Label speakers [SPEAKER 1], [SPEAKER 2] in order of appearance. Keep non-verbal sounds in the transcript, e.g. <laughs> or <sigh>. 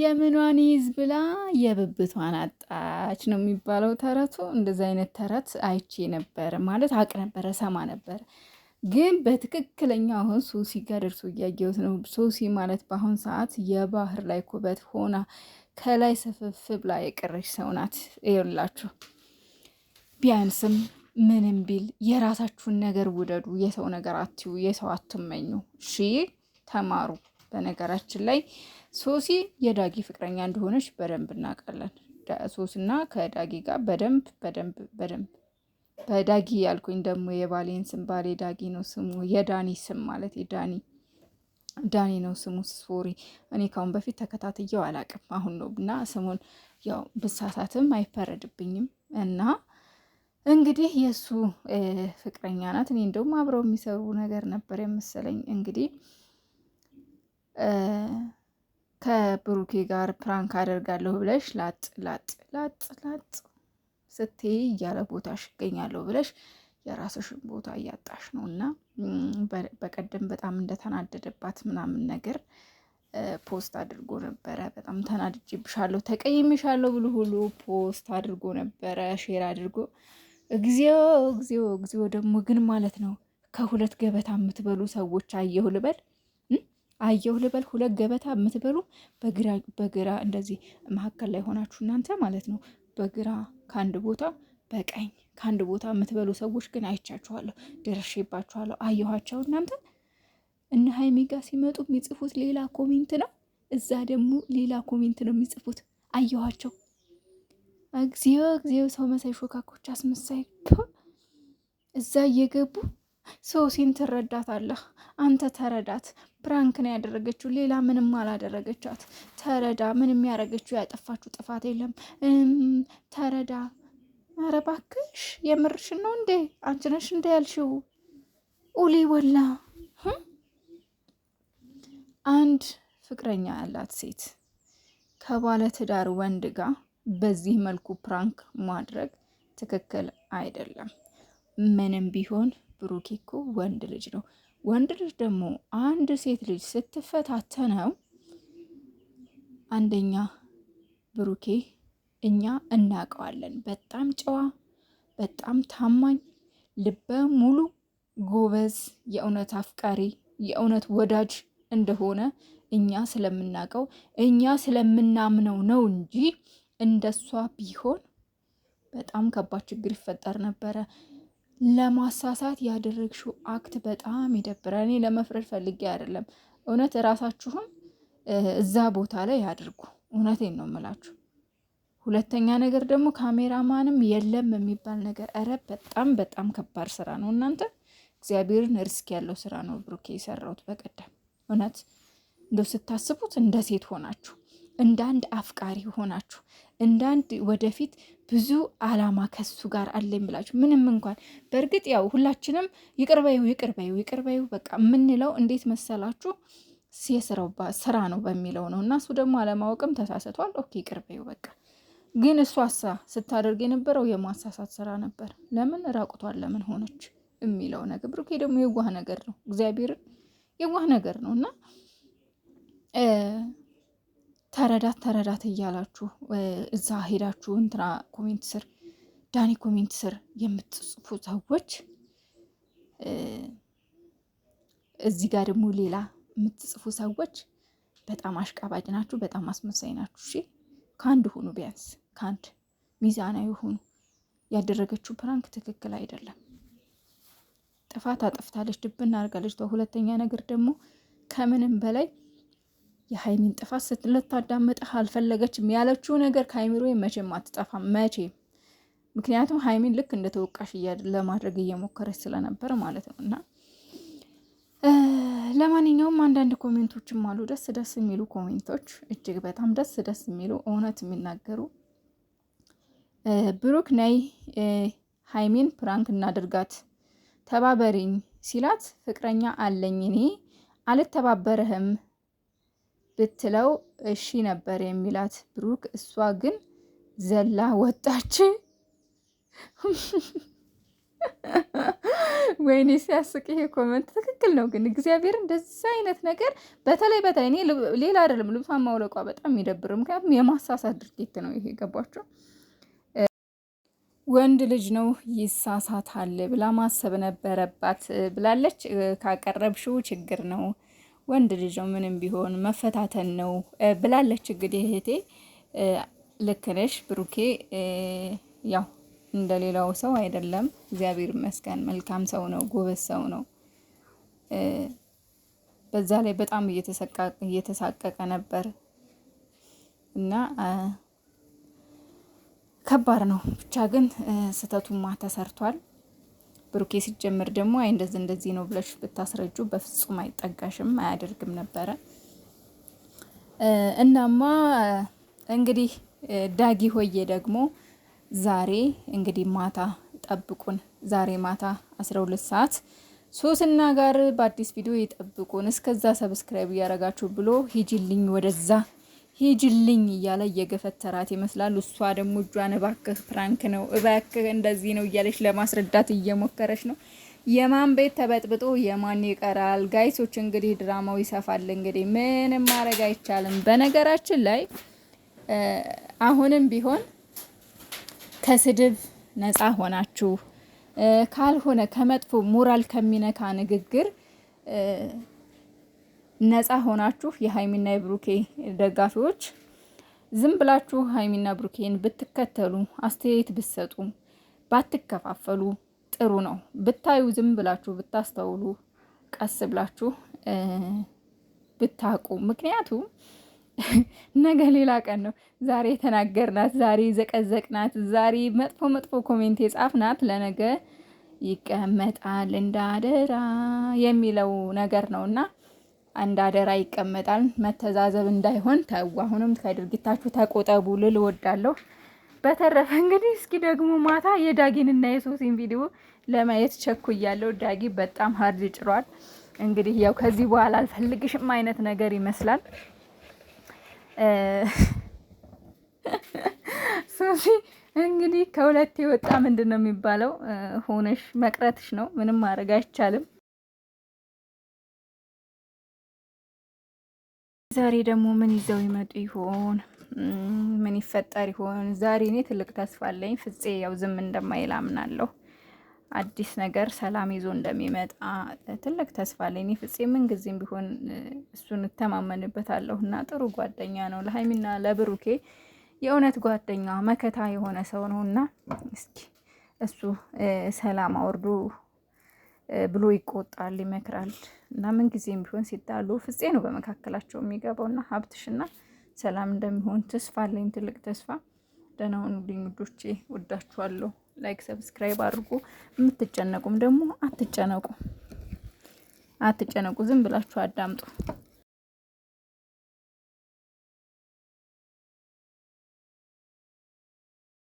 [SPEAKER 1] የምኗን ይዝ ብላ የብብቷን አጣች ነው የሚባለው ተረቱ። እንደዚ አይነት ተረት አይቼ ነበረ ማለት አቅ ነበረ ሰማ ነበር፣ ግን በትክክለኛው አሁን ሶሲ ጋር ደርሶ እያየሁት ነው። ሶሲ ማለት በአሁን ሰዓት የባህር ላይ ኩበት ሆና ከላይ ሰፍፍ ብላ የቀረች ሰው ናት። ይኸውላችሁ ቢያንስም ምንም ቢል የራሳችሁን ነገር ውደዱ። የሰው ነገር አትዩ፣ የሰው አትመኙ። ሺ ተማሩ። በነገራችን ላይ ሶሲ የዳጊ ፍቅረኛ እንደሆነች በደንብ እናውቃለን። ሶስና ከዳጊ ጋር በደንብ በደንብ በደንብ በዳጊ ያልኩኝ ደግሞ የባሌን ስም ባሌ ዳጊ ነው ስሙ፣ የዳኒ ስም ማለት ዳኒ ዳኒ ነው ስሙ። ሶሪ እኔ ካሁን በፊት ተከታትየው አላቅም፣ አሁን ነው እና ስሙን ያው ብሳሳትም አይፈረድብኝም እና እንግዲህ የእሱ ፍቅረኛ ናት። እኔ እንደውም አብረው የሚሰሩ ነገር ነበር የመሰለኝ እንግዲህ ከብሩኬ ጋር ፕራንክ አደርጋለሁ ብለሽ ላጥ ላጥ ላጥ ላጥ ስትይ እያለ ቦታ ሽገኛለሁ ብለሽ የራስሽን ቦታ እያጣሽ ነው። እና በቀደም በጣም እንደተናደደባት ምናምን ነገር ፖስት አድርጎ ነበረ። በጣም ተናድጄብሻለሁ፣ ተቀይሜሻለሁ ብሎ ሁሉ ፖስት አድርጎ ነበረ፣ ሼር አድርጎ። እግዚኦ እግዚኦ እግዚኦ! ደግሞ ግን ማለት ነው ከሁለት ገበታ የምትበሉ ሰዎች አየሁ ልበል አየሁ ልበል ሁለት ገበታ የምትበሉ በግራ እንደዚህ መሀከል ላይ ሆናችሁ እናንተ ማለት ነው በግራ ከአንድ ቦታ በቀኝ ከአንድ ቦታ የምትበሉ ሰዎች ግን አይቻችኋለሁ፣ ደርሼባችኋለሁ። አየኋቸው እናንተ እነ ሀይሚ ጋር ሲመጡ የሚጽፉት ሌላ ኮሜንት ነው፣ እዛ ደግሞ ሌላ ኮሜንት ነው የሚጽፉት። አየኋቸው። እግዚኦ እግዚኦ! ሰው መሳይ ሾካኮች፣ አስመሳይ እዛ እየገቡ ሶሲን ትረዳታለህ። አንተ ተረዳት። ብራንክ ነው ያደረገችው፣ ሌላ ምንም አላደረገቻት። ተረዳ። ምንም ያደረገችው ያጠፋችው ጥፋት የለም። ተረዳ። ኧረ እባክሽ የምርሽን ነው እንዴ? አንቺ ነሽ እንደ ያልሽው ኡሊ ወላ አንድ ፍቅረኛ ያላት ሴት ከባለ ትዳር ወንድ ጋር በዚህ መልኩ ፕራንክ ማድረግ ትክክል አይደለም። ምንም ቢሆን ብሩኬ እኮ ወንድ ልጅ ነው። ወንድ ልጅ ደግሞ አንድ ሴት ልጅ ስትፈታተነው አንደኛ ብሩኬ እኛ እናውቀዋለን። በጣም ጨዋ፣ በጣም ታማኝ፣ ልበ ሙሉ፣ ጎበዝ፣ የእውነት አፍቃሪ፣ የእውነት ወዳጅ እንደሆነ እኛ ስለምናውቀው እኛ ስለምናምነው ነው እንጂ እንደሷ ቢሆን በጣም ከባድ ችግር ይፈጠር ነበረ። ለማሳሳት ያደረግሽው አክት በጣም ይደብራል። እኔ ለመፍረድ ፈልጌ አይደለም። እውነት እራሳችሁም እዛ ቦታ ላይ ያድርጉ። እውነቴን ነው የምላችሁ። ሁለተኛ ነገር ደግሞ ካሜራማንም የለም የሚባል ነገር፣ እረ በጣም በጣም ከባድ ስራ ነው እናንተ። እግዚአብሔርን ሪስክ ያለው ስራ ነው ብሩኬ የሰራሁት በቀደም። እውነት እንደው ስታስቡት እንደ ሴት ሆናችሁ እንደ አንድ አፍቃሪ ሆናችሁ እንደ አንድ ወደፊት ብዙ አላማ ከሱ ጋር አለኝ ብላችሁ ምንም እንኳን በእርግጥ ያው ሁላችንም ይቅርበዩ ይቅርበዩ ይቅርበዩ በቃ የምንለው እንዴት መሰላችሁ የስራው ስራ ነው በሚለው ነው እና እሱ ደግሞ አለማወቅም ተሳስቷል። ኦኬ ይቅርበዩ በቃ ግን እሷሳ ስታደርግ የነበረው የማሳሳት ስራ ነበር። ለምን ራቁቷን ለምን ሆነች የሚለው ነገር ብሩኬ ደግሞ የዋህ ነገር ነው፣ እግዚአብሔርን የዋህ ነገር ነው እና ተረዳት ተረዳት እያላችሁ እዛ ሄዳችሁ እንትና ኮሜንት ስር ዳኒ ኮሜንት ስር የምትጽፉ ሰዎች እዚህ ጋር ደግሞ ሌላ የምትጽፉ ሰዎች በጣም አሽቃባጭ ናችሁ፣ በጣም አስመሳይ ናችሁ። እሺ ከአንድ ሁኑ፣ ቢያንስ ከአንድ ሚዛናዊ ሁኑ። ያደረገችው ፕራንክ ትክክል አይደለም። ጥፋት አጥፍታለች፣ ድብና አድርጋለች። በሁለተኛ ነገር ደግሞ ከምንም በላይ የሀይሚን ጥፋት ስትለታዳምጥህ አልፈለገችም ያለችው ነገር ከአይምሮ መቼም አትጠፋም መቼ ምክንያቱም ሀይሚን ልክ እንደ ተወቃሽ ለማድረግ እየሞከረች ስለነበር ማለት ነው። እና ለማንኛውም አንዳንድ ኮሜንቶችም አሉ ደስ ደስ የሚሉ ኮሜንቶች፣ እጅግ በጣም ደስ ደስ የሚሉ እውነት የሚናገሩ ብሩክ ናይ ሀይሚን ፕራንክ እናድርጋት ተባበሪኝ ሲላት ፍቅረኛ አለኝ እኔ አልተባበረህም ብትለው እሺ ነበር የሚላት ብሩክ። እሷ ግን ዘላ ወጣች። ወይኔ ሲያስቅ ይሄ ኮመንት ትክክል ነው ግን እግዚአብሔር እንደዚህ አይነት ነገር በተለይ በተለይ እኔ ሌላ አይደለም ልብሷን ማውለቋ በጣም የሚደብር ምክንያቱም የማሳሳት ድርጊት ነው ይሄ ገባቸው ወንድ ልጅ ነው ይሳሳታል ብላ ማሰብ ነበረባት ብላለች ካቀረብሽው ችግር ነው ወንድ ልጅ ነው ምንም ቢሆን መፈታተን ነው ብላለች። እንግዲህ እህቴ ልክ ነሽ። ብሩኬ ያው እንደሌላው ሰው አይደለም። እግዚአብሔር ይመስገን መልካም ሰው ነው፣ ጎበዝ ሰው ነው። በዛ ላይ በጣም እየተሳቀቀ ነበር እና ከባድ ነው። ብቻ ግን ስህተቱማ ተሰርቷል። ብሩኬ ሲጀምር ደግሞ አይ እንደዚህ እንደዚህ ነው ብለሽ ብታስረጁ በፍጹም አይጠጋሽም አያደርግም ነበረ። እናማ እንግዲህ ዳጊ ሆዬ ደግሞ ዛሬ እንግዲህ ማታ ጠብቁን፣ ዛሬ ማታ 12 ሰዓት ሶስና ጋር በአዲስ ቪዲዮ ይጠብቁን፣ እስከዛ ሰብስክራይብ እያረጋችሁ ብሎ ሂጂልኝ ወደዛ ሂጅልኝ እያለ እየገፈተራት ይመስላል። እሷ ደግሞ እጇን እባክህ ፕራንክ ነው እባክህ እንደዚህ ነው እያለች ለማስረዳት እየሞከረች ነው። የማን ቤት ተበጥብጦ የማን ይቀራል? ጋይሶች እንግዲህ ድራማው ይሰፋል። እንግዲህ ምንም ማድረግ አይቻልም። በነገራችን ላይ አሁንም ቢሆን ከስድብ ነጻ ሆናችሁ ካልሆነ ከመጥፎ ሞራል ከሚነካ ንግግር ነፃ ሆናችሁ የሀይሚና የብሩኬ ደጋፊዎች ዝም ብላችሁ ሀይሚና ብሩኬን ብትከተሉ አስተያየት ብትሰጡ ባትከፋፈሉ ጥሩ ነው። ብታዩ ዝም ብላችሁ ብታስተውሉ ቀስ ብላችሁ ብታቁ። ምክንያቱም <laughs> ነገ ሌላ ቀን ነው። ዛሬ የተናገርናት፣ ዛሬ ዘቀዘቅናት፣ ዛሬ መጥፎ መጥፎ ኮሜንት የጻፍናት ለነገ ይቀመጣል እንዳደራ የሚለው ነገር ነው እና አንድ አደራ ይቀመጣል። መተዛዘብ እንዳይሆን ተው፣ አሁንም ከድርጊታችሁ ተቆጠቡ ልል ወዳለሁ። በተረፈ እንግዲህ እስኪ ደግሞ ማታ የዳጊን እና የሶሲን ቪዲዮ ለማየት ቸኩያለሁ። ዳጊ በጣም ሀርድ ጭሯል። እንግዲህ ያው ከዚህ በኋላ አልፈልግሽም አይነት ነገር ይመስላል። ሶሲ እንግዲህ ከሁለት የወጣ ምንድን ነው የሚባለው? ሆነሽ መቅረትሽ ነው። ምንም ማድረግ አይቻልም። ዛሬ ደግሞ ምን ይዘው ይመጡ ይሆን? ምን ይፈጠር ይሆን? ዛሬ እኔ ትልቅ ተስፋ አለኝ። ፍፄ ያው ዝም እንደማይል አምናለሁ። አዲስ ነገር ሰላም ይዞ እንደሚመጣ ትልቅ ተስፋ አለኝ። እኔ ፍፄ ምንጊዜም ቢሆን እሱን እተማመንበታለሁ እና ጥሩ ጓደኛ ነው ለሀይሚና ለብሩኬ የእውነት ጓደኛ መከታ የሆነ ሰው ነው እና እስኪ እሱ ሰላም አውርዶ ብሎ ይቆጣል፣ ይመክራል እና ምንጊዜም ቢሆን ሲጣሉ ፍፄ ነው በመካከላቸው የሚገባውና ሀብትሽና ሰላም እንደሚሆን ተስፋ አለኝ። ትልቅ ተስፋ። ደህና ሁኑልኝ ውዶቼ፣ ወዳችኋለሁ። ላይክ ሰብስክራይብ አድርጉ። የምትጨነቁም ደግሞ አትጨነቁ አትጨነቁ፣ ዝም ብላችሁ አዳምጡ።